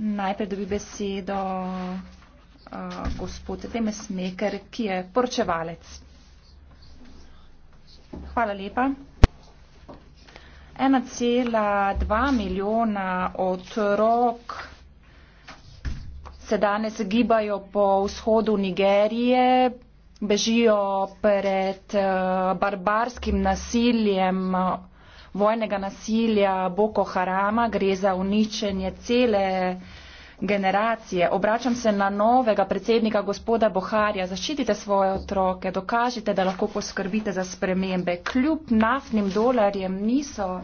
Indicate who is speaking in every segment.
Speaker 1: Najprej dobi besedo uh, gospod Demes Meker, ki je poročevalec. Hvala lepa. 1,2 milijona otrok se danes gibajo po vzhodu Nigerije, bežijo pred eh, barbarskim nasiljem vojnega nasilja Boko Harama, gre za uničenje cele generacije. Obračam se na novega predsednika gospoda Boharja. Zaščitite svoje otroke, dokažite, da lahko poskrbite za spremembe. Kljub naftnim dolarjem niso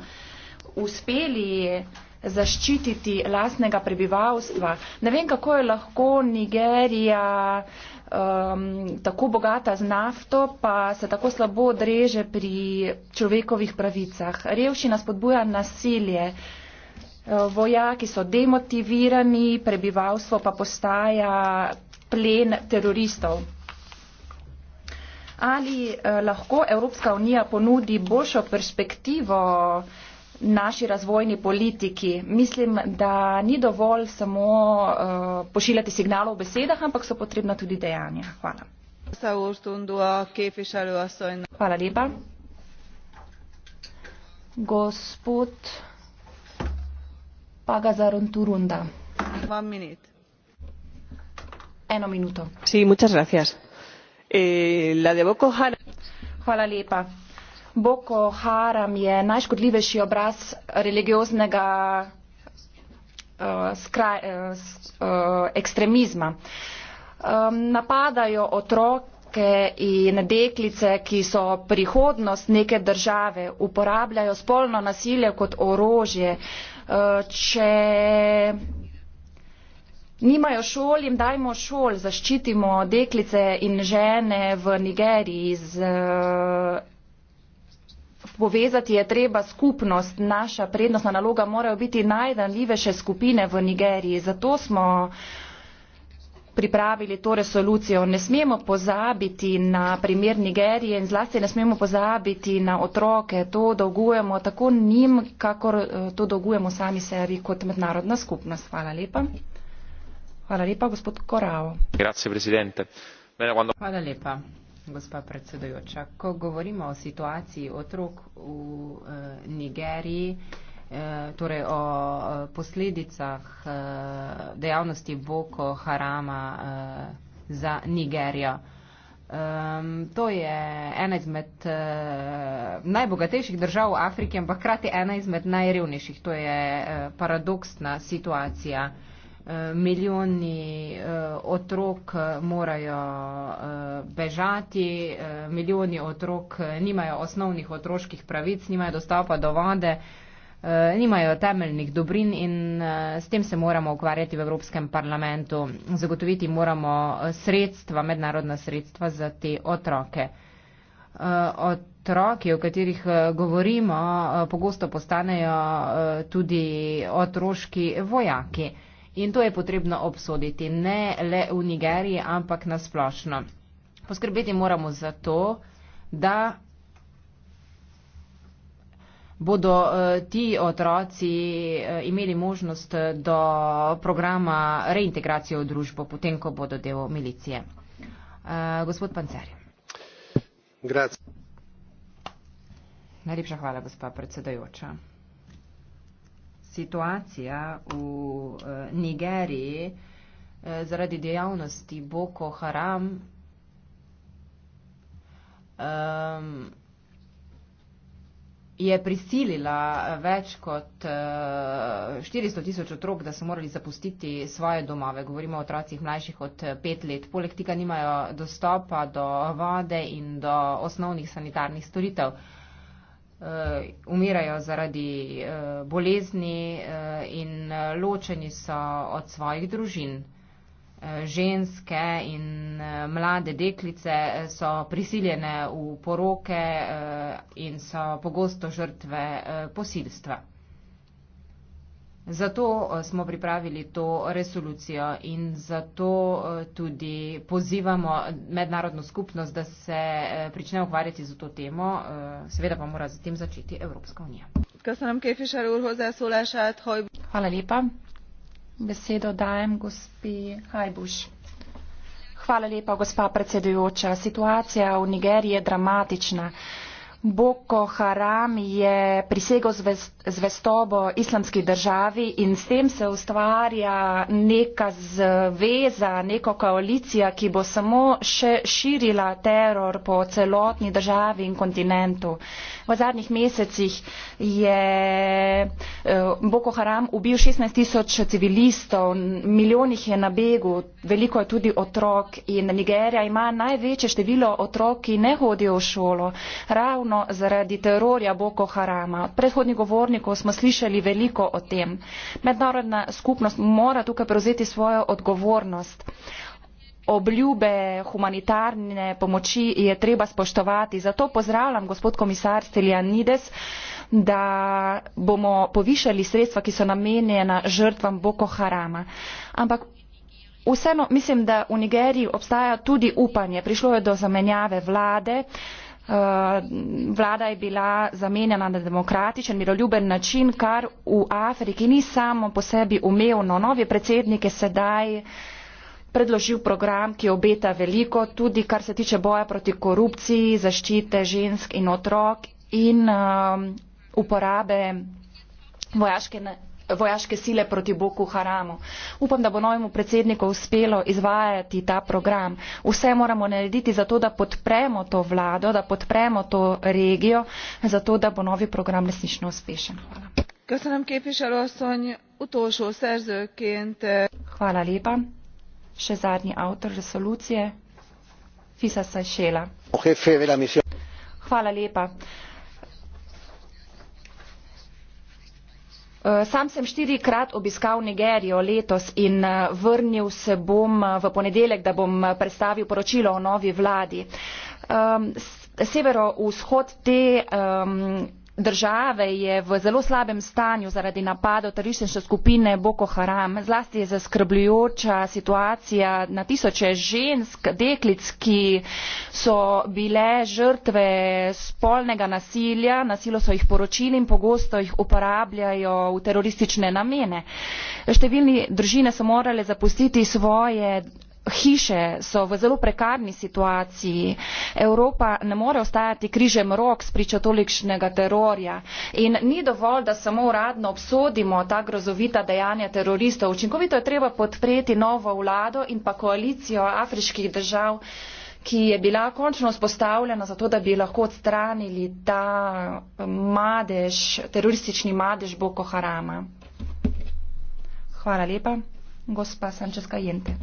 Speaker 1: uspeli zaščititi lastnega prebivalstva. Ne vem, kako je lahko Nigerija um, tako bogata z nafto, pa se tako slabo odreže pri človekovih pravicah. Revščina spodbuja nasilje, uh, vojaki so demotivirani, prebivalstvo pa postaja plen teroristov. Ali eh, lahko Evropska unija ponudi boljšo perspektivo eh, naši razvojni politiki. Mislim, da ni dovolj samo uh, pošiljati signale v besedah, ampak so potrebna tudi dejanja. Hvala. Hvala lepa. Gospod Pagazaron Turunda. Eno minuto. Sí, eh, la de Boko Haram. Hvala lepa boko haram je najškodljivejši obraz religioznega uh, skraj, uh, ekstremizma. Um, napadajo otroke in deklice, ki so prihodnost neke države, uporabljajo spolno nasilje kot orožje. Uh, če nimajo šol, jim dajmo šol, zaščitimo deklice in žene v Nigeriji z uh, povezati je treba skupnost, naša prednostna naloga morajo biti najdanljivejše skupine v Nigeriji. Zato smo pripravili to resolucijo. Ne smemo pozabiti na primer Nigerije in zlasti ne smemo pozabiti na otroke. To dolgujemo tako njim, kakor eh, to dolgujemo sami sebi kot mednarodna skupnost. Hvala lepa.
Speaker 2: Hvala lepa, gospod Korao. Hvala lepa gospa predsedujoča. Ko govorimo o situaciji otrok v e, Nigeriji, e, torej o e, posledicah e, dejavnosti Boko Harama e, za Nigerijo, e, to je ena izmed e, najbogatejših držav v Afriki, ampak krati ena izmed najrevnejših. To je e, paradoksna situacija. E, Eh, eh, eh, milijoni otrok morajo bežati, milijoni otrok nimajo osnovnih otroških pravic, nimajo dostopa do vode, nimajo temeljnih dobrin in s tem se moramo ukvarjati v Evropskem parlamentu. Zagotoviti moramo sredstva, mednarodna sredstva za te otroke. Otroki, o katerih govorimo, pogosto postanejo tudi otroški vojaki. In to je potrebno obsoditi, ne le v Nigeriji, ampak nasplošno. Poskrbeti moramo za to, da bodo eh, ti otroci eh, imeli možnost eh, do programa reintegracije v družbo, potem, ko bodo del milicije. Gospod Pancer. Najlepša hvala, gospa predsedajoča situacija v eh, Nigeriji eh, zaradi dejavnosti Boko Haram. Um, je prisilila eh, več kot uh, 400 tisoč otrok, da so morali zapustiti svoje domove. Govorimo o otrocih mlajših od pet let. Poleg tega nimajo dostopa do vode in do osnovnih sanitarnih storitev. Uh, uh, umirajo zaradi uh, bolezni uh, in ločeni so od svojih družin. Ženske in mlade deklice so prisiljene v poroke in so pogosto žrtve posilstva. Zato eh, smo pripravili to resolucijo in zato eh, tudi pozivamo mednarodno skupnost, da se eh, prične ukvarjati z to temo. Seveda pa mora zatem začeti Evropska unija.
Speaker 1: Hvala lepa. Besedo dajem gospi Hajbuš. Hvala lepa, gospa predsedujoča. Situacija v Nigeriji je dramatična. Boko Haram je prisegel zvestobo islamski državi in s tem se ustvarja neka zveza, neka koalicija, ki bo samo še širila teror po celotni državi in kontinentu. V zadnjih mesecih je eh, Boko Haram ubil 16 tisoč civilistov, milijonih je na begu, veliko je tudi otrok in Nigerija ima največje število otrok, ki ne hodijo v šolo. Ravno ravno zaradi terorja Boko Harama. Od predhodnih govornikov smo slišali veliko o tem. Mednarodna skupnost mora tukaj prevzeti svojo odgovornost. Obljube humanitarne pomoči je treba spoštovati. Zato pozdravljam gospod komisar Stelianides, da bomo povišali sredstva, ki so namenjena žrtvam Boko Harama. Ampak vseeno mislim, da v Nigeriji obstaja tudi upanje. Prišlo je do zamenjave vlade. Uh, Eh, vlada je bila zamenjena na demokratičen, miroljuben način, kar v Afriki ni samo po sebi umevno. Nov je predsednik je sedaj predložil program, ki obeta veliko, tudi kar se tiče boja proti korupciji, zaščite žensk in otrok in um, uporabe vojaške vojaške sile proti Boku Haramu. Upam, da bo novemu predsedniku uspelo izvajati ta program. Vse moramo narediti za to, da podpremo to vlado, da podpremo to regijo, za to, da bo novi program resnično uspešen. Hvala. Köszönöm képviselő asszony, utolsó szerzőként. Eh, Hvala lépa. Se zárni autor rezolúcie. Fisa Sajsela. Hvala lépa. Eh, sam sem štirikrat obiskal nigerijo letos in eh, vrnil se bom eh, v ponedeljek da bom predstavil poročilo o novi vladi. severovzhod te države je v zelo slabem stanju zaradi napadov teroristične skupine boko haram zlasti je zaskrbljujoča situacija na tisoče žensk deklic ki so bile žrtve spolnega nasilja na silo so jih poročili in pogosto jih uporabljajo v teroristične namene. številne družine so morale zapustiti svoje hiše so v zelo prekarni situaciji evropa ne more ostajati križem rok spričo tolikšnega terorja in ni dovolj da samo uradno obsodimo ta grozovita dejanja teroristov učinkovito je treba podpreti novo vlado in pa koalicijo afriških držav ki je bila končno vzpostavljena zato, da bi lahko odstranili ta eh, madež, teroristični madež Boko Harama. Hvala lepa, gospa Sančeska Jente.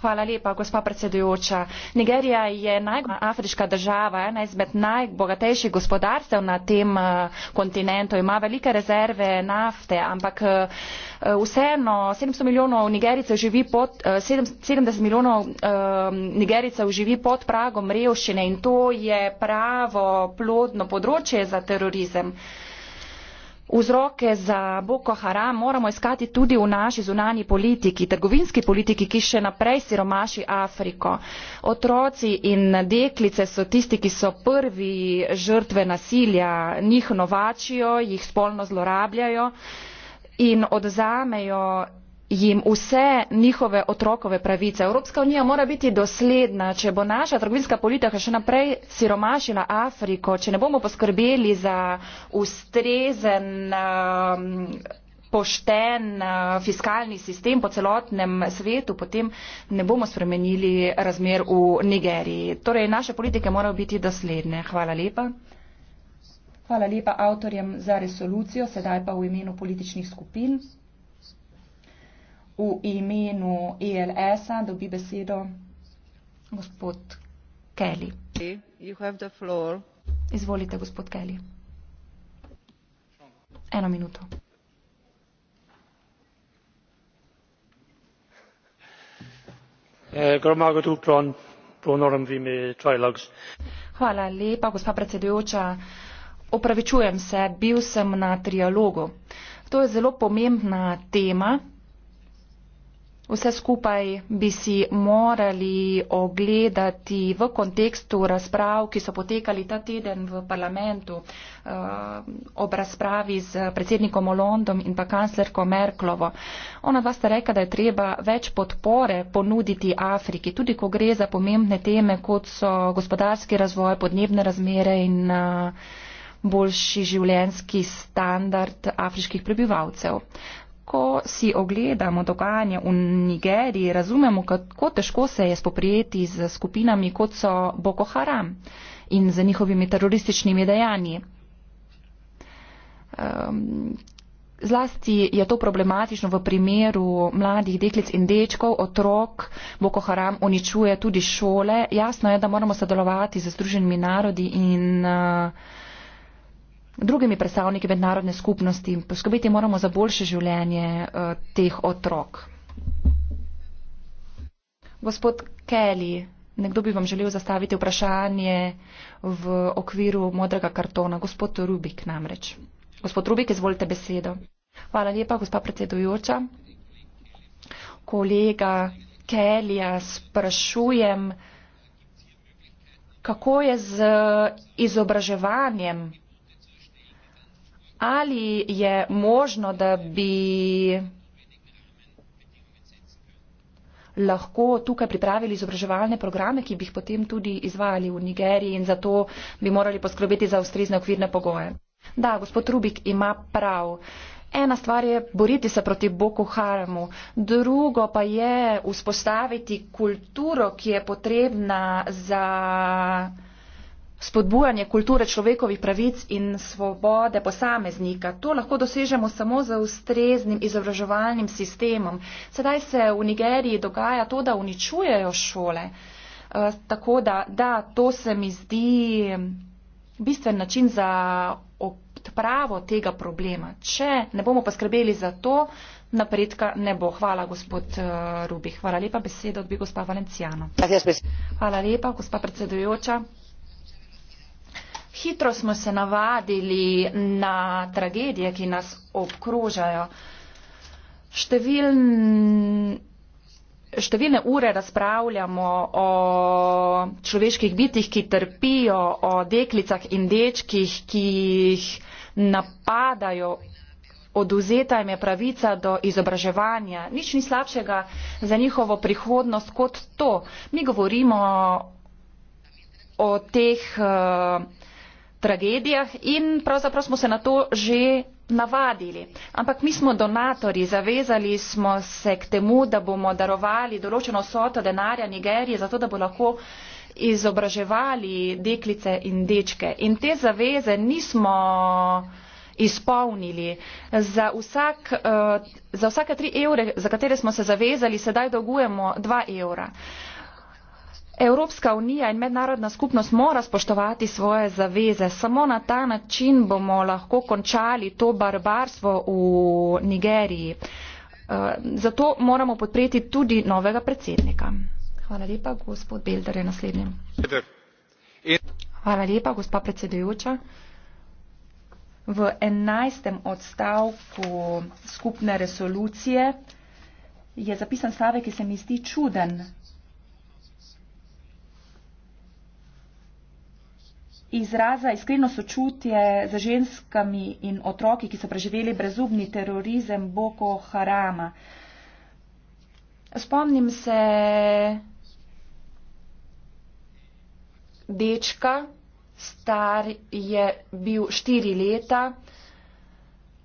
Speaker 1: Hvala lepa, gospa predsedujoča. Nigerija je najbogatejša afriška država, ena izmed najbogatejših gospodarstev na tem eh, kontinentu. Ima velike rezerve nafte, ampak eh, eh, vseeno 700 milijonov nigericev živi pod, 70 milijonov nigericev živi pod pragom revščine in to je pravo plodno področje za terorizem vzroke za boko haram moramo iskati tudi v naši zunanji politiki trgovinski politiki ki še naprej siromaši afriko. otroci in deklice so tisti ki so prvi žrtve nasilja njih novačijo jih spolno zlorabljajo in odvzamejo jim vse njihove otrokove pravice. evropska unija mora biti dosledna če bo naša trgovinska politika še naprej siromašila afriko če ne bomo poskrbeli za ustrezen um, pošten uh, fiskalni sistem po celotnem svetu potem ne bomo spremenili razmer v nigeriji. torej naše politike morajo biti dosledne. hvala lepa. Hvala lepa avtorjem za resolucijo, sedaj pa v imenu političnih skupin. V imenu ELS-a dobi besedo gospod Kelly. Izvolite, gospod Kelly. Eno minuto. Eh, Hvala lepa, gospa predsedujoča. Opravičujem se, bil sem na trialogu. To je zelo pomembna tema, Vse skupaj bi si morali ogledati v kontekstu razprav, ki so potekali ta teden v parlamentu eh, ob razpravi z predsednikom Olondom in pa kanclerko Merklovo. Ona dva sta rekla, da je treba več podpore ponuditi Afriki, tudi ko gre za pomembne teme, kot so gospodarski razvoj, podnebne razmere in eh, boljši življenski standard afriških prebivalcev ko si ogledamo dogajanje v Nigeriji, razumemo, kako težko se je spoprijeti z skupinami, kot so Boko Haram in z njihovimi terorističnimi dejanji. Um, Zlasti je to problematično v primeru mladih deklic in dečkov, otrok, Boko Haram uničuje tudi šole. Jasno je, da moramo sodelovati z Združenimi narodi in uh, drugimi predstavniki mednarodne skupnosti. Poskrbeti moramo za boljše življenje eh, teh otrok. Gospod Kelly, nekdo bi vam želel zastaviti vprašanje v okviru modrega kartona. Gospod Rubik namreč. Gospod Rubik, izvolite besedo. Hvala lepa, gospa predsedujoča. Kolega Kelija sprašujem, kako je z izobraževanjem ali je možno, da bi lahko tukaj pripravili izobraževalne programe, ki bi jih potem tudi izvajali v Nigeriji in zato bi morali poskrbeti za ustrezne okvirne pogoje. Da, gospod Rubik ima prav. Ena stvar je boriti se proti Boko Haramu, drugo pa je vzpostaviti kulturo, ki je potrebna za spodbujanje kulture človekovih pravic in svobode posameznika. To lahko dosežemo samo z ustreznim izobraževalnim sistemom. Sedaj se v Nigeriji dogaja to, da uničujejo šole. E, tako da, da, to se mi zdi bistven način za odpravo tega problema. Če ne bomo poskrbeli za to, napredka ne bo. Hvala, gospod eh, Rubih. Hvala lepa, besedo odbi gospa Valenciano. Hvala lepa, gospa predsedujoča hitro smo se navadili na tragedije, ki nas obkrožajo. Številne, številne ure razpravljamo o človeških bitih, ki trpijo, o deklicah in dečkih, ki jih napadajo. Oduzeta jim je pravica do izobraževanja. Nič ni slabšega za njihovo prihodnost kot to. Mi govorimo o teh uh, tragedijah in pravzaprav smo se na to že navadili. Ampak mi smo donatori, zavezali smo se k temu, da bomo darovali določeno soto denarja Nigerije, zato da bo lahko izobraževali deklice in dečke. In te zaveze nismo izpolnili. Za, vsak, eh, za vsake tri evre, za katere smo se zavezali, sedaj dolgujemo dva evra. Evropska unija in mednarodna skupnost mora spoštovati svoje zaveze. Samo na ta način bomo lahko končali to barbarstvo v Nigeriji. Eh, zato moramo podpreti tudi novega predsednika. Hvala lepa, gospod Belder je naslednji. Hvala lepa, gospa predsedujoča. V enajstem odstavku skupne resolucije je zapisan stavek, ki se mi zdi čuden. izraza iskreno sočutje za ženskami in otroki, ki so preživeli brezubni terorizem Boko Harama. Spomnim se dečka, star je bil štiri leta,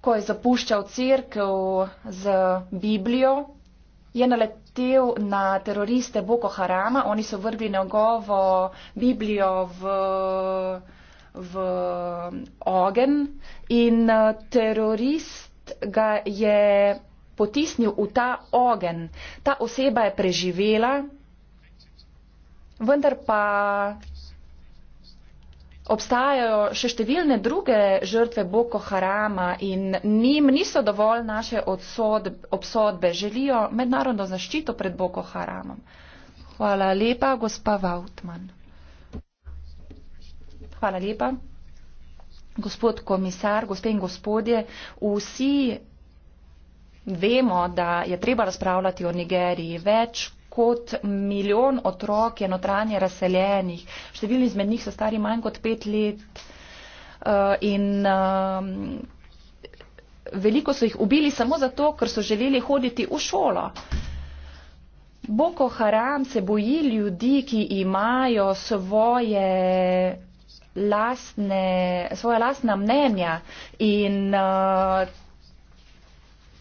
Speaker 1: ko je zapuščal crkv z Biblijo je naletel na teroriste Boko Harama. Oni so vrgli njegovo Biblijo v, v ogen in eh, terorist ga je potisnil v ta ogen. Ta oseba je preživela, vendar pa Obstajajo še številne druge žrtve Boko Harama in njim niso dovolj naše odsodb, obsodbe. Želijo mednarodno zaščito pred Boko Haramom. Hvala lepa, gospa Vautman. Hvala lepa, gospod komisar, gospe in gospodje. Vsi vemo, da je treba razpravljati o Nigeriji več kot milijon otrok je notranje razseljenih. Številni izmed njih so stari manj kot pet let uh, in uh, veliko so jih ubili samo zato, ker so želeli hoditi v šolo. Boko Haram se boji ljudi, ki imajo svoje lastne, svoje lastna mnenja in uh,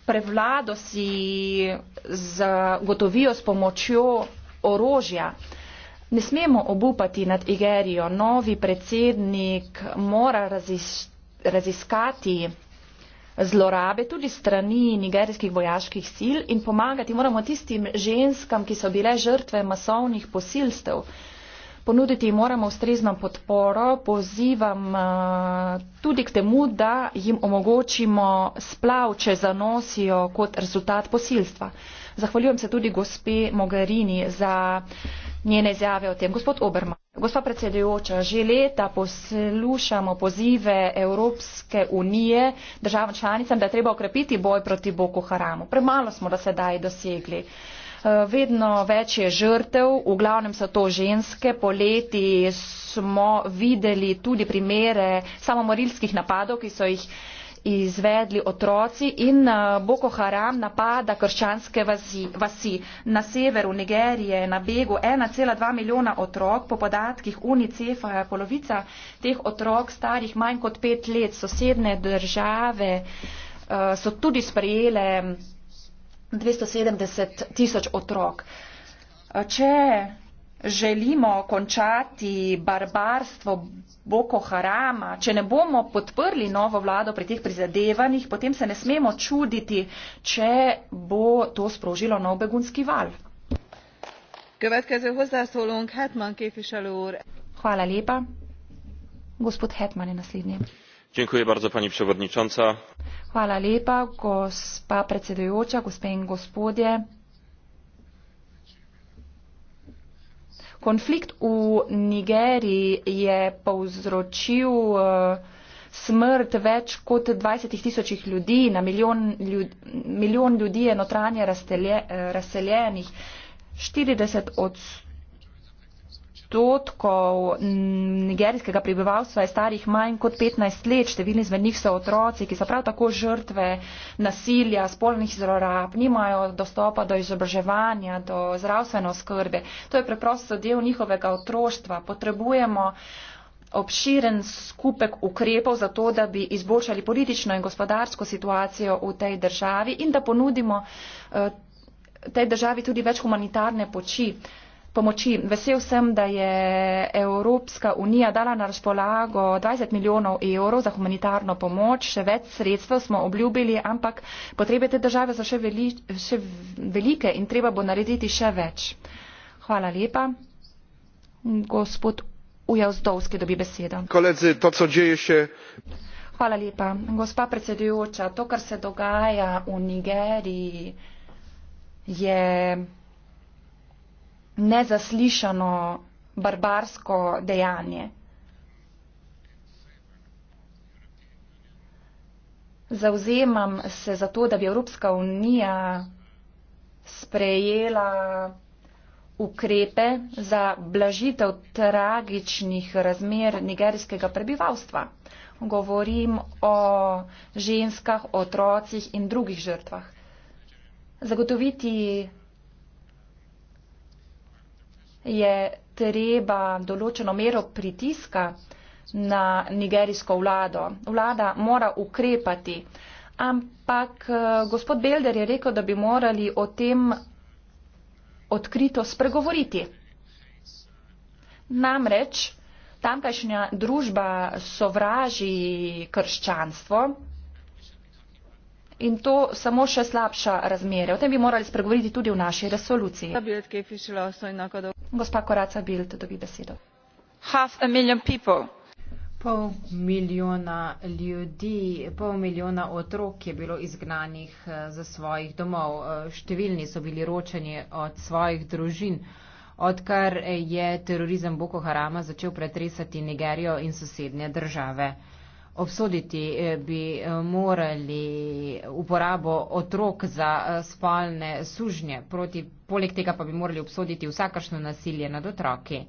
Speaker 1: prevlado si zagotovijo s pomočjo orožja. Ne smemo obupati nad Igerijo. Novi predsednik mora razis, raziskati zlorabe tudi strani nigerijskih vojaških sil in pomagati moramo tistim ženskam, ki so bile žrtve masovnih posilstev ponuditi jim moramo ustrezno podporo, pozivam eh, tudi k temu, da jim omogočimo splav, če zanosijo kot rezultat posilstva. Zahvaljujem se tudi gospe Mogarini za njene izjave o tem. Gospod Oberma, gospa predsedujoča, že leta poslušamo pozive Evropske unije državam članicam, da je treba okrepiti boj proti Boko Haramu. Premalo smo da sedaj dosegli. Eh, vedno več je žrtev, v glavnem so to ženske. Po leti smo videli tudi primere samomorilskih napadov, ki so jih izvedli otroci in eh, Boko Haram napada krščanske vasi, vasi. Na severu Nigerije je na begu 1,2 milijona otrok, po podatkih UNICEF-a je polovica teh otrok starih manj kot pet let. Sosedne države uh, so tudi sprejele 270 tisoč otrok. Če želimo končati barbarstvo Boko Harama, če ne bomo podprli novo vlado pri teh prizadevanjih, potem se ne smemo čuditi, če bo to sprožilo nov begunski val. Hvala lepa. Gospod Hetman je naslednji.
Speaker 2: Dziękuję bardzo pani przewodnicząca. Hvala
Speaker 1: lepa, gospa predsedujoča, gospe in gospodje. Konflikt v Nigeriji je povzročil eh, smrt več kot 20 tisočih ljudi, na milijon, ljud, milijon ljudi je notranje eh, razseljenih. 40 odstotkov odstotkov mm, nigerijskega prebivalstva je starih manj kot 15 let, številni izmed njih so otroci, ki so prav tako žrtve nasilja, spolnih zlorab, nimajo dostopa do izobraževanja, do zdravstvene oskrbe. To je preprosto del njihovega otroštva. Potrebujemo obširen skupek ukrepov za to, da bi izboljšali politično in gospodarsko situacijo v tej državi in da ponudimo eh, tej državi tudi več humanitarne počitnice pomoči. Vesel sem, da je Evropska unija dala na razpolago 20 milijonov evrov za humanitarno pomoč. Še več sredstev smo obljubili, ampak potrebe te države so še, veli, še velike in treba bo narediti še več. Hvala lepa. Gospod Ujazdovski dobi besedo. Koledzi, to, co dzieje się... Hvala lepa. Gospa predsedujoča, to, kar se dogaja v Nigeriji, je nezaslišano barbarsko dejanje. Zauzemam se za to, da bi Evropska unija sprejela ukrepe za blažitev tragičnih razmer nigerijskega prebivalstva. Govorim o ženskah, otrocih in drugih žrtvah. Zagotoviti je treba določeno mero pritiska na nigerijsko vlado. Vlada mora ukrepati. Ampak eh, gospod Belder je rekel, da bi morali o tem odkrito spregovoriti. Namreč tamkajšnja družba sovraži krščanstvo in to samo še slabša razmere. O tem bi morali spregovoriti tudi v naši resoluciji. Gospa Koraca Bild, dobi besedo.
Speaker 2: Pol milijona ljudi, pol milijona otrok je bilo izgnanih eh, za svojih domov. Eh, številni so bili ročeni od svojih družin. Odkar je terorizem Boko Harama začel pretresati Nigerijo in sosednje države obsoditi eh, bi eh, morali uporabo otrok za eh, spalne sužnje, proti, poleg tega pa bi morali obsoditi vsakašno nasilje nad otroki.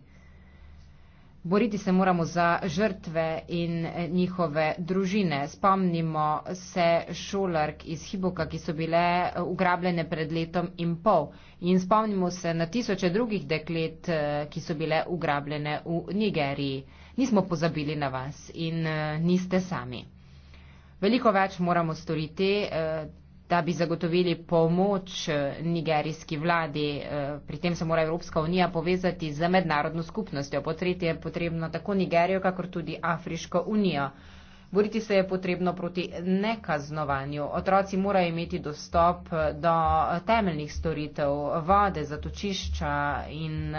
Speaker 2: Boriti se moramo za žrtve in njihove družine. Spomnimo se šolark iz Hiboka, ki so bile ugrabljene pred letom in pol. In spomnimo se na tisoče drugih deklet, ki so bile ugrabljene v Nigeriji nismo pozabili na vas in uh, niste sami. Veliko več moramo storiti, uh, da bi zagotovili pomoč eh, nigerijski vladi. Uh, pri tem se mora Evropska unija povezati z mednarodno skupnostjo. Po tretje je potrebno tako Nigerijo, kakor tudi Afriško unijo. Boriti se je potrebno proti nekaznovanju. Otroci morajo imeti dostop do temeljnih storitev, vode, zatočišča in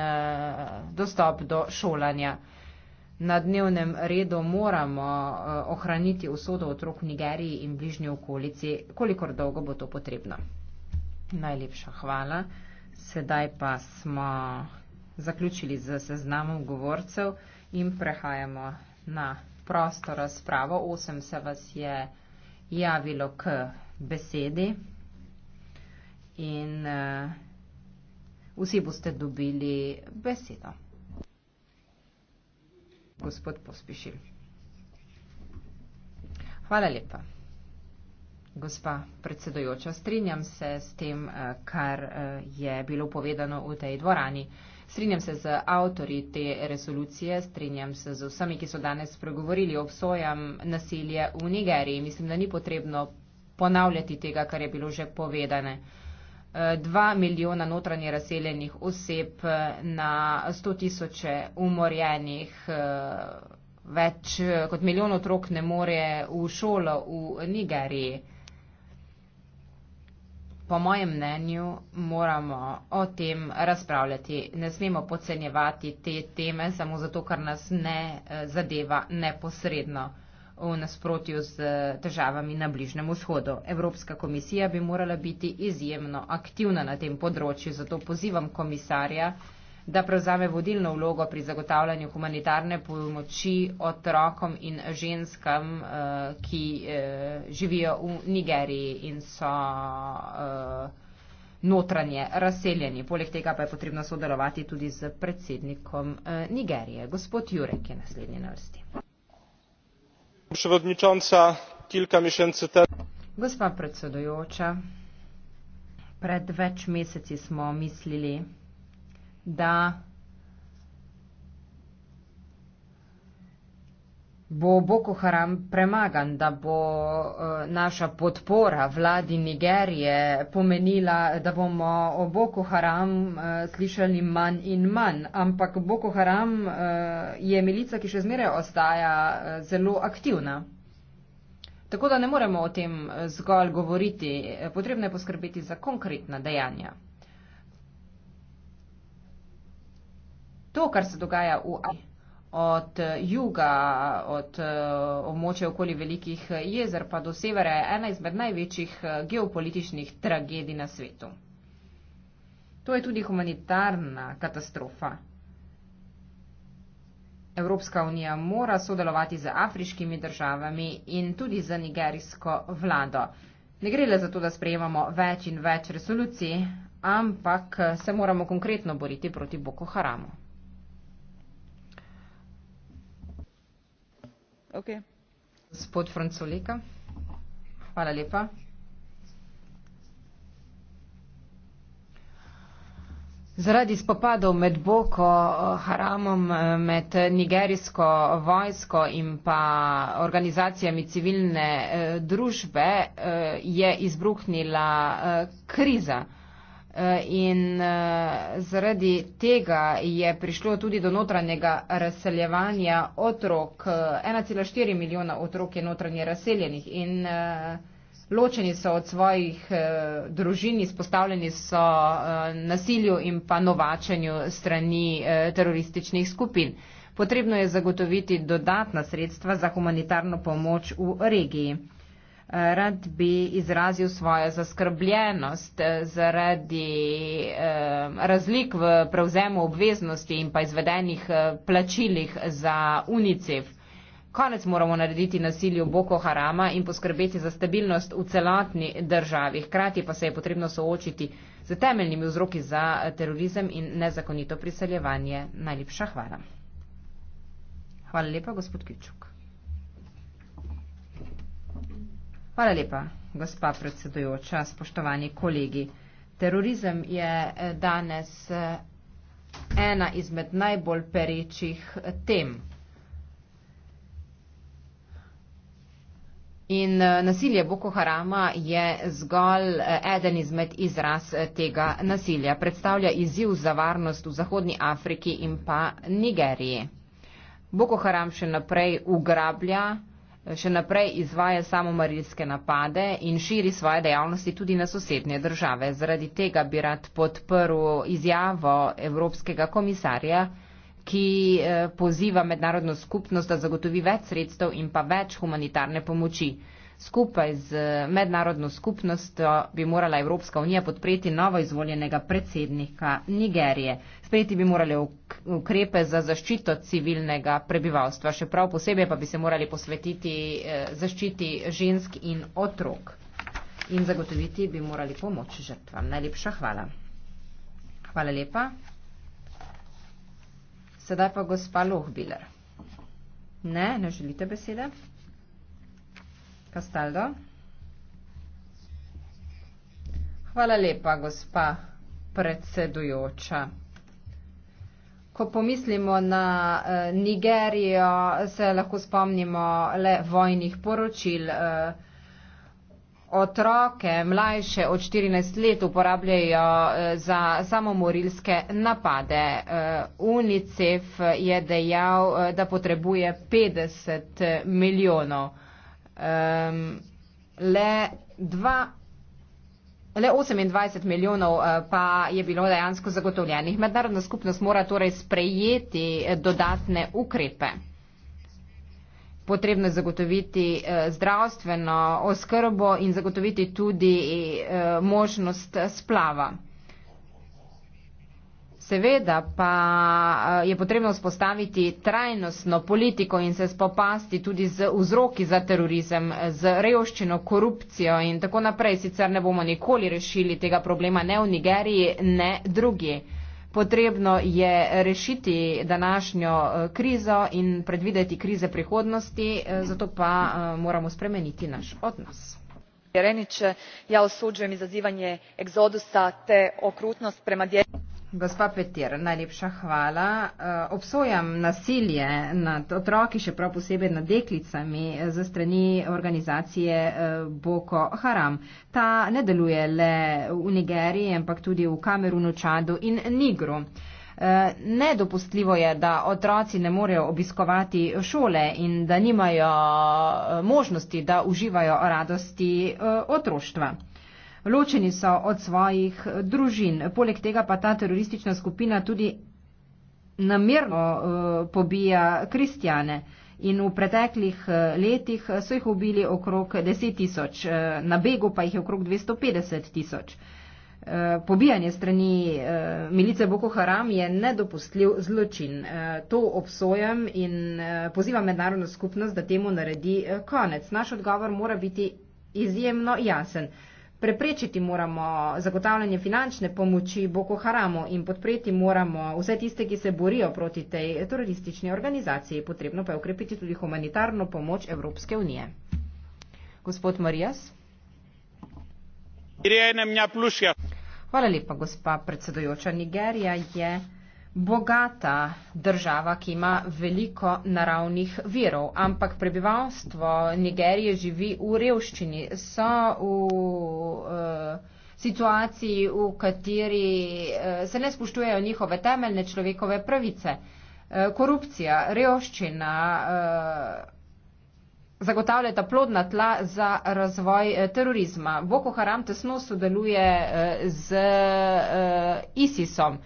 Speaker 2: dostop do šolanja na dnevnem redu moramo eh, ohraniti usodo otrok v Nigeriji in bližnji okolici, kolikor dolgo bo to potrebno. Najlepša hvala. Sedaj pa smo zaključili z seznamom govorcev in prehajamo na prosto razpravo. Osem se vas je javilo k besedi in uh, vsi boste dobili besedo gospod pospeši. Hvala lepa. Gospa predsedojoča, strinjam se s tem, eh, kar eh, je bilo povedano v tej dvorani. Strinjam se z avtori te resolucije, strinjam se z vsemi, ki so danes pregovorili, obsojam nasilje v Nigeriji. Mislim, da ni potrebno ponavljati tega, kar je bilo že povedane. 2 milijona notranje razseljenih oseb, na 100 tisoče umorjenih, več kot milijon otrok ne more v šolo v Nigeriji. Po mojem mnenju moramo o tem razpravljati. Ne smemo podcenjevati te teme samo zato, ker nas ne eh, zadeva neposredno v nasprotju z državami na Bližnem vzhodu. Evropska komisija bi morala biti izjemno aktivna na tem področju, zato pozivam komisarja, da prevzame vodilno vlogo pri zagotavljanju humanitarne pomoči otrokom in ženskam, eh, ki eh, živijo v Nigeriji in so eh, notranje razseljeni. Poleg tega pa je potrebno sodelovati tudi z predsednikom Nigerije. Gospod Jurek je naslednji na vrsti. Gospa predsedujoča, pred več meseci smo mislili, da bo Boko Haram premagan, da bo eh, naša podpora vladi Nigerije pomenila, da bomo o Boko Haram eh, slišali manj in manj. Ampak Boko Haram eh, je milica, ki še zmeraj ostaja zelo aktivna. Tako da ne moremo o tem zgolj govoriti, potrebno je poskrbeti za konkretna dejanja. To, kar se dogaja v Aji od eh, juga, od eh, območja okoli velikih eh, jezer pa do severa je ena izmed največjih geopolitičnih tragedij na svetu. To je tudi humanitarna katastrofa. Evropska unija mora sodelovati z afriškimi državami in tudi z nigerijsko vlado. Ne gre le za to, da sprejemamo več in več resolucij, ampak se moramo konkretno boriti proti Boko Haramu. Okay. Gospod Franculika, hvala lepa. Zaradi spopadov med Boko eh, Haramom, eh, med nigerijsko vojsko in pa organizacijami civilne eh, družbe je izbruhnila kriza. In eh, zaradi tega je prišlo tudi do notranjega razseljevanja otrok. 1,4 milijona otrok je notranje razseljenih in eh, ločeni so od svojih eh, družin, izpostavljeni so nasilju in pa novačenju strani terorističnih skupin. Potrebno je zagotoviti dodatna sredstva za humanitarno pomoč v regiji rad bi izrazil svojo zaskrbljenost eh, zaradi eh, razlik v prevzemu obveznosti in pa izvedenih eh, plačilih za UNICEF. Konec moramo narediti nasilju Boko Harama in poskrbeti za stabilnost v celotni državi. Hkrati pa se je potrebno soočiti z temeljnimi vzroki za terorizem in nezakonito priseljevanje. Najlepša hvala. Hvala lepa, gospod Kičuk. Hvala lepa, gospa predsedujoča, spoštovani kolegi. Terorizem je eh, danes eh, ena izmed najbolj perečih eh, tem. In nasilje Boko Harama je zgolj eden izmed izraz tega nasilja. Predstavlja izziv za varnost v Zahodnji Afriki in pa Nigeriji. Boko Haram še naprej ugrablja še naprej izvaja samomarilske napade in širi svoje dejavnosti tudi na sosednje države. Zaradi tega bi rad podprl izjavo Evropskega komisarja, ki eh, poziva mednarodno skupnost, da zagotovi več sredstev in pa več humanitarne pomoči. Skupaj z mednarodno skupnostjo bi morala Evropska unija podpreti novo izvoljenega predsednika Nigerije. Sprejeti bi morali ukrepe za zaščito civilnega prebivalstva, še prav posebej pa bi se morali posvetiti eh, zaščiti žensk in otrok. In zagotoviti bi morali pomoč žrtvam. Najlepša hvala. Hvala lepa. Sedaj pa gospa Lohbiler. Ne, ne želite besede? Castaldo. Hvala lepa, gospa predsedujoča. Ko pomislimo na eh, Nigerijo, se lahko spomnimo le vojnih poročil. Eh, otroke, mlajše od 14 let, uporabljajo eh, za samomorilske napade. Eh, UNICEF je dejal, eh, da potrebuje 50 milijonov um, le, dva, le 28 milijonov eh, pa je bilo dejansko zagotovljenih. Mednarodna skupnost mora torej sprejeti eh, dodatne ukrepe. Potrebno je zagotoviti eh, zdravstveno oskrbo in zagotoviti tudi možnost splava. Seveda pa eh, je potrebno spostaviti trajnostno politiko in se spopasti tudi z vzroki za terorizem, z revoščino, korupcijo in tako naprej. Sicer ne bomo nikoli rešili tega problema ne v Nigeriji, ne drugi. Potrebno je rešiti današnjo eh, krizo in predvideti krize prihodnosti, eh, zato pa moramo spremeniti naš odnos. Jereniče, ja osuđujem izazivanje egzodusa te okrutnost prema djelju. Gospa Petir, najlepša hvala. Eh, obsojam nasilje nad otroki, še prav posebej nad deklicami, eh, za strani organizacije eh, Boko Haram. Ta ne deluje le v Nigeriji, ampak tudi v Kamerunu, Čadu in Nigru. Nedopustljivo je, da otroci ne morejo obiskovati šole in da nimajo možnosti, da uživajo radosti otroštva ločeni so od svojih eh, družin. Poleg tega pa ta teroristična skupina tudi namerno eh, pobija kristjane. In v preteklih eh, letih so jih ubili okrog 10 tisoč, na begu pa jih je okrog 250 tisoč. Pobijanje strani milice Boko Haram je nedopustljiv zločin. To obsojam in pozivam mednarodno skupnost, da temu naredi konec. Naš odgovor mora biti izjemno jasen. Preprečiti moramo zagotavljanje finančne pomoči Boko Haramu in podpreti moramo vse tiste, ki se borijo proti tej teroristični organizaciji. Potrebno pa je ukrepiti tudi humanitarno pomoč Evropske unije. Gospod Marijas. Hvala lepa, gospa predsedojoča Nigerija. Je bogata država, ki ima veliko naravnih virov, ampak prebivalstvo Nigerije živi v revščini. So v uh, situaciji, v kateri uh, se ne spoštujejo njihove temeljne človekove pravice. Uh, korupcija, revščina. Uh, zagotavljata plodna tla za razvoj terorizma. Boko Haram tesno sodeluje z ISISom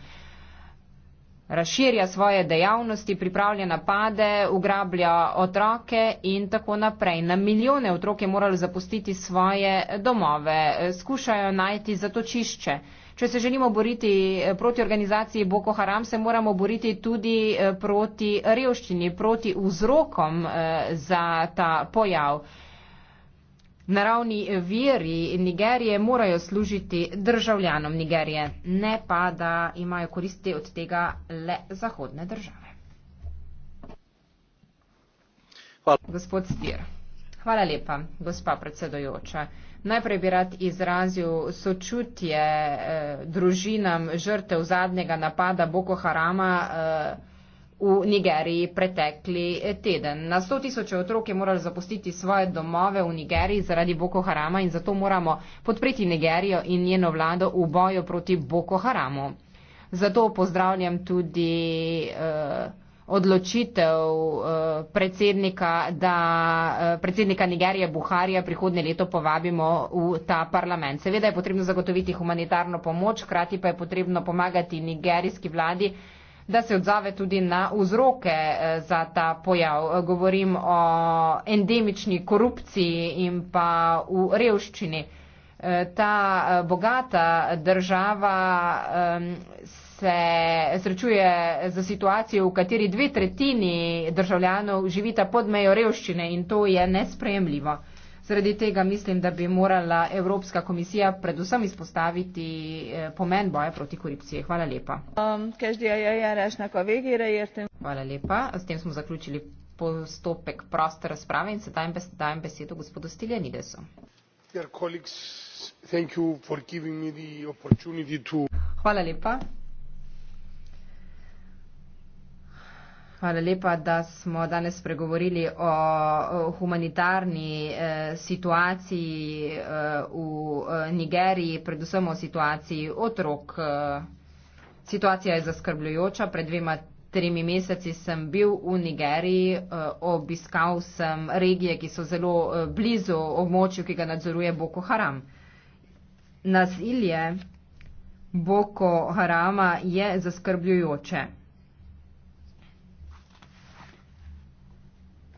Speaker 2: razširja svoje dejavnosti, pripravlja napade, ugrablja otroke in tako naprej. Na milijone otrok je moralo zapustiti svoje domove, skušajo najti zatočišče. Če se želimo boriti eh, proti organizaciji Boko Haram, se moramo boriti tudi eh, proti revščini, proti vzrokom eh, za ta pojav. Naravni viri Nigerije morajo služiti državljanom Nigerije, ne pa da imajo koristi od tega le zahodne države. Hvala. Gospod Stir. Hvala lepa, gospa predsedojoča. Najprej bi rad izrazil sočutje eh, družinam žrtev zadnjega napada Boko Harama. Eh, v Nigeriji pretekli teden. Na 100 tisoče otrok je moralo zapustiti svoje domove v Nigeriji zaradi Boko Harama in zato moramo podpreti Nigerijo in njeno vlado v boju proti Boko Haramu. Zato pozdravljam tudi uh, odločitev uh, predsednika, da uh, predsednika Nigerije Buharija prihodne leto povabimo v ta parlament. Seveda je potrebno zagotoviti humanitarno pomoč, krati pa je potrebno pomagati nigerijski vladi da se odzove tudi na vzroke eh, za ta pojav. Eh, govorim o endemični korupciji in pa v revščini. Eh, ta bogata država ehm, se srečuje za situacijo, v kateri dve tretjini državljanov živita pod mejo revščine in to je nespremljivo. Sredi tega mislim, da bi morala Evropska komisija predvsem izpostaviti eh, pomen boja proti korupciji. Hvala lepa. Um, Hvala lepa. S tem smo zaključili postopek proste razprave in sedaj dajem besedo gospodu Stiljanidesu. Hvala lepa. Hvala lepa, da smo danes pregovorili o humanitarni eh, situaciji eh, v eh, Nigeriji, predvsem o situaciji otrok. Situacija je zaskrbljujoča. Pred dvema tremi meseci sem bil v Nigeriji, obiskal sem regije, ki so zelo blizu območju, ki ga nadzoruje Boko Haram. Nasilje Boko Harama je zaskrbljujoče.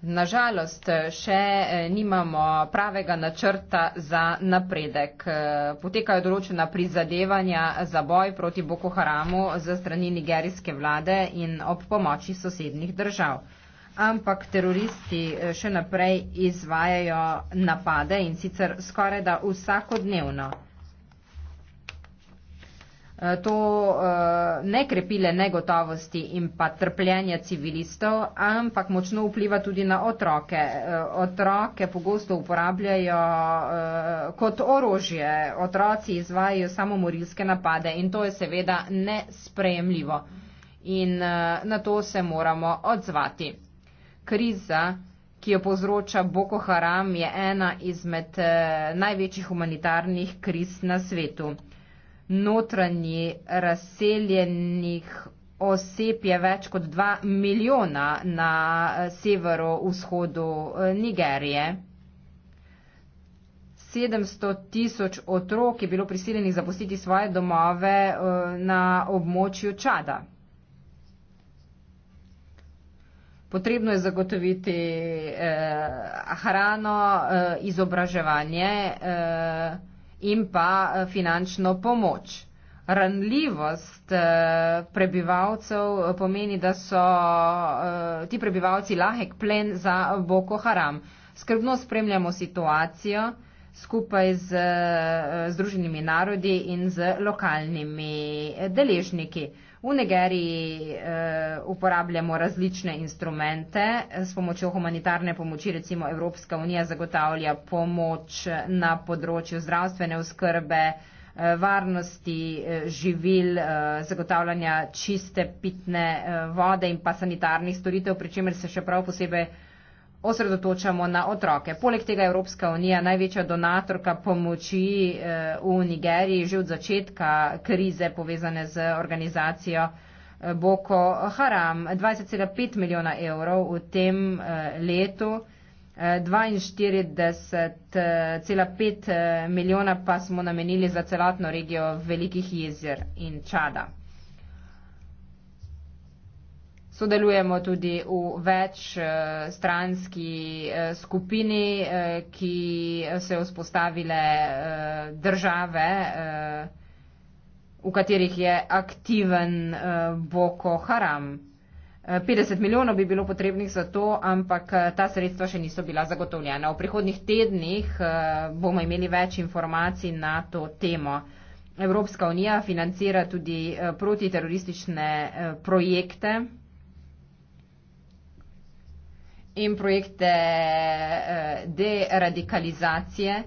Speaker 2: Nažalost, eh, še eh, nimamo pravega načrta za napredek. Eh, potekajo določena prizadevanja za boj proti Boko Haramu za strani nigerijske vlade in ob pomoči sosednjih držav. Ampak teroristi še naprej izvajajo napade in sicer skoraj da vsakodnevno. Eh, to eh, ne krepile negotovosti in pa trpljenja civilistov, ampak močno vpliva tudi na otroke. Eh, otroke pogosto uporabljajo kot orožje, otroci izvajajo samomorilske napade in to je seveda nesprejemljivo. In na to se moramo odzvati. Kriza, ki jo povzroča Boko Haram, je ena izmed največjih humanitarnih kriz na svetu notranji razseljenih oseb je več kot dva milijona na eh, severovzhodu eh, Nigerije. 700 tisoč otrok je bilo prisiljenih zapustiti svoje domove eh, na območju Čada. Potrebno je zagotoviti eh, hrano, eh, izobraževanje. Eh, in pa eh, finančno pomoč. Ranljivost eh, prebivalcev eh, pomeni, da so ti prebivalci lahek plen za Boko Haram. Skrbno spremljamo situacijo skupaj z Združenimi narodi in z lokalnimi deležniki. V Nigeriji eh, uporabljamo različne instrumente s pomočjo humanitarne pomoči, recimo Evropska unija zagotavlja pomoč na področju zdravstvene oskrbe, eh, varnosti eh, živil, zagotavljanja čiste pitne vode in pa sanitarnih storitev, pri čemer se še prav posebej osredotočamo na otroke. Poleg tega je Evropska unija največja donatorka pomoči eh, v Nigeriji že od začetka krize povezane z organizacijo eh, Boko Haram. 20,5 milijona evrov v tem eh, letu, 42,5 milijona pa smo namenili za celotno regijo velikih jezer in čada sodelujemo tudi v več stranski eh, skupini, eh, ki se je vzpostavile eh, države, v katerih je aktiven Boko Haram. 50 milijonov bi bilo potrebnih za to, ampak ta sredstva še niso bila zagotovljena. V prihodnih tednih bomo imeli več informacij na to temo. Evropska unija financira tudi protiteroristične projekte in projekte eh, deradikalizacije.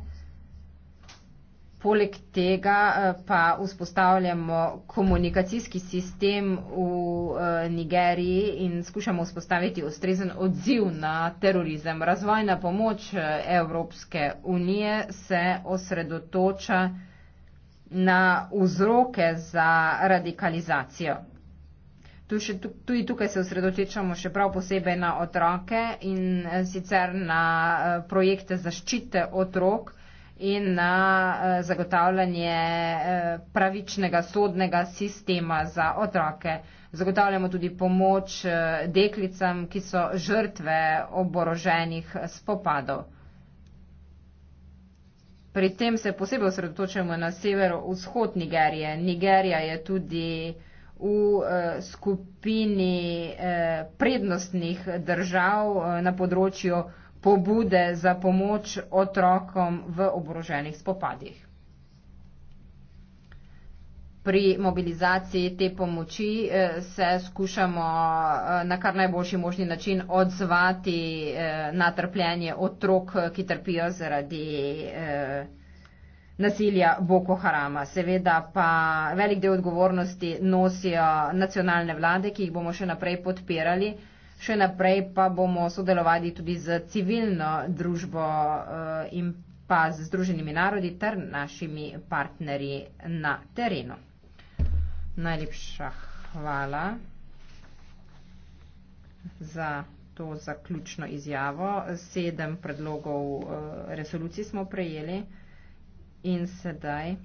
Speaker 2: Poleg tega eh, pa vzpostavljamo komunikacijski sistem v eh, Nigeriji in skušamo vzpostaviti ustrezen odziv na terorizem. Razvojna pomoč Evropske unije se osredotoča na vzroke za radikalizacijo. Tu še, tudi tukaj se osredotečamo še prav posebej na otroke in eh, sicer na eh, projekte zaščite otrok in na eh, zagotavljanje pravičnega sodnega sistema za otroke. Zagotavljamo tudi pomoč deklicam, ki so žrtve oboroženih spopadov. Pri tem se posebej osredotočamo na severo-vzhod Nigerije. Nigerija je tudi v eh, skupini eh, prednostnih držav eh, na področju pobude za pomoč otrokom v oboroženih spopadih. Pri mobilizaciji te pomoči se skušamo na kar najboljši možni način odzvati na trpljenje otrok, ki trpijo zaradi nasilja Boko Harama. Seveda pa velik del odgovornosti nosijo nacionalne vlade, ki jih bomo še naprej podpirali. Še naprej pa bomo sodelovali tudi z civilno družbo eh, in pa z Združenimi narodi ter našimi partnerji na terenu. Najlepša hvala za to zaključno izjavo. Sedem predlogov eh, resolucij smo prejeli in sedaj